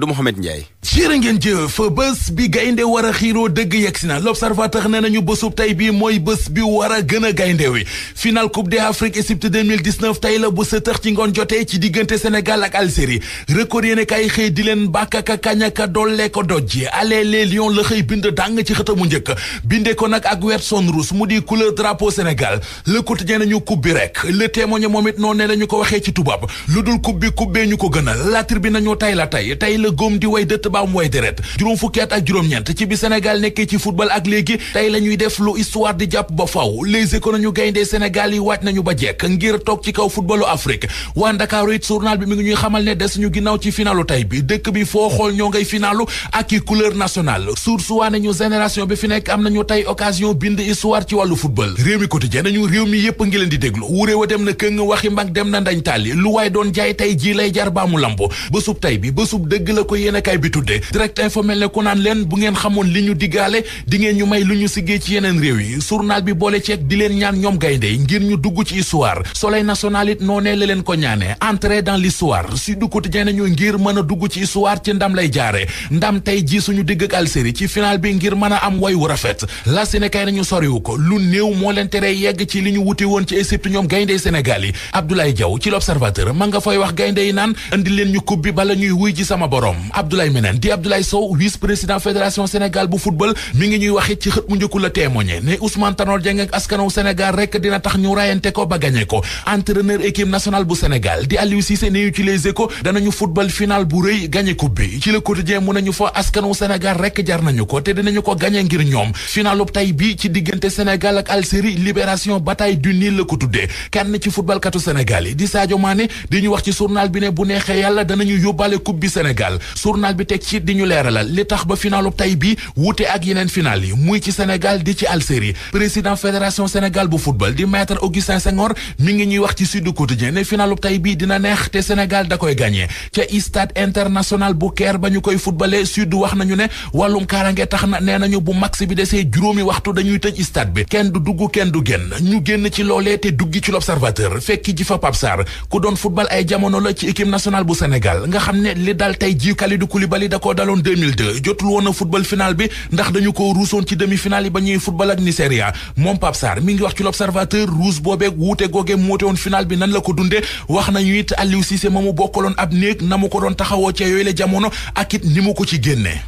du Mohamed Ndiaye jërë ngeen jëf bés bi gaynde war a xiiroo dëgg yegsi na l'observateur nee nañu bésub tey bi mooy bés bi war a gën a gaynde wi final coupe d'Afrique Égypte 2019 tey la bu sëtëx ci ngoon jotee ci diggante Sénégal ak Algérie record yéene kay xëy di leen bàkkaka kañaka dolle ko dojji allez les lions la xëy bind dàng ci xëtamu njëkk binde ko nag ak vert son rouge mu di couleur drapeau Sénégal le quotidien nañu coupe bi rek le témoin moom it noonu ne lañu ko waxee ci tubaab lu dul coupe ñu ko gënal la tribune nañu tey la tey la góom di way dëtt baa mu way deret juróom fukki at ak juróom-ñeent ci bi Sénégal nekkee ci football ak léegi tey la ñuy def lu histoire di jàpp ba faw les économies gayndee Sénégal yi waaj nañu ba jekk ngir toog ci kaw footballu Afrique waa Ndakaaru it journal bi mi ngi ñuy xamal ne des ñu ginnaaw ci finalu tey bi dëkk bi foo xool ñoo ngay finalu ak i couleur nationale source waa nañu génération bi fi nekk am nañu tey occasion bind histoire ci wàllu mi quotidien nañu réew mi di déglu wuré wa dem na këng waxi mbag dem na ndañ tàlli lu la ko yéenekaay bi tuddee direct info mel ne ku naan leen bu ngeen xamoon li ñu diggaale di ngeen ñu may lu ñu siggee ci yeneen réew yi journal bi boole ceeg di leen ñaan ñoom gayndey ngir ñu dugg ci histoire soleil national it noonee la leen ko ñaanee entrer dans li si l'histoire Sud Quotidien nañu ngir mën a dugg ci histoire ci ndam lay jaare ndam tey ji suñu digg ak ci final bi ngir mën a am way wu rafet la Sénégal nañu soriwu ko lu néew moo leen tere yegg ci li ñu wuti woon ci Égypte ñoom gayndey Sénégal yi Abdoulaye Diaw ci l'observateur ma nga fay wax gaynde yi naan indi leen ñu coupe bi bala ñuy wuy ji sama borom borom Abdoulaye Menane di Abdoulaye Sow vice président fédération Sénégal bu football mi ngi ñuy waxit ci xët mu njëkkul la témoigné ne Ousmane Tanor Dieng ak askanaw Sénégal rek dina tax ñu rayante ko ba gagné ko entraîneur équipe nationale bu Sénégal di Aliou Cissé ne utilisé ko danañu football final bu rëy gagné coupe bi ci le quotidien mu nañu fa askanaw Sénégal rek jar nañu ko te dinañu ko gagné ngir ñoom finalub tay bi ci diggante Sénégal ak Algérie Sénégal journal bi teg ci di ñu leeralal li tax ba finaalu tay bi wuute ak yeneen final yi muy ci Sénégal di ci Algérie président fédération Sénégal bu football di maître Augustin Senghor mi ngi ñuy wax ci Sud Quotidien ne finaalu tay bi dina neex te Sénégal da koy gagné ca stade international bu Caire ba ñu koy footballé Sud wax nañu ne wàllum kaarange tax na nee nañu bu max bi desee juróomi waxtu dañuy tëj stade bi kenn du dugg kenn du génn ñu génn ci loolee te duggi ci l'observateur fekki ji fa Pape Sarr ku doon football ay jamono la ci équipe bu Sénégal nga xam ji Kalidou Koulibaly da koo daloon 2002 jotul woon na football final bi ndax dañu ko ruusoon ci demi-finale yi ba ñuy football ak Nigeria moom Pape Sarr ngi wax ci l'observateur ruus boobeeg wuute googe mu woon final bi nan la ko dunde wax nañu it Aliou Cissé ma mu bokkaloon ab néeg na ko doon taxawoo ca yooyu la jamono ak it ni ko ci génne.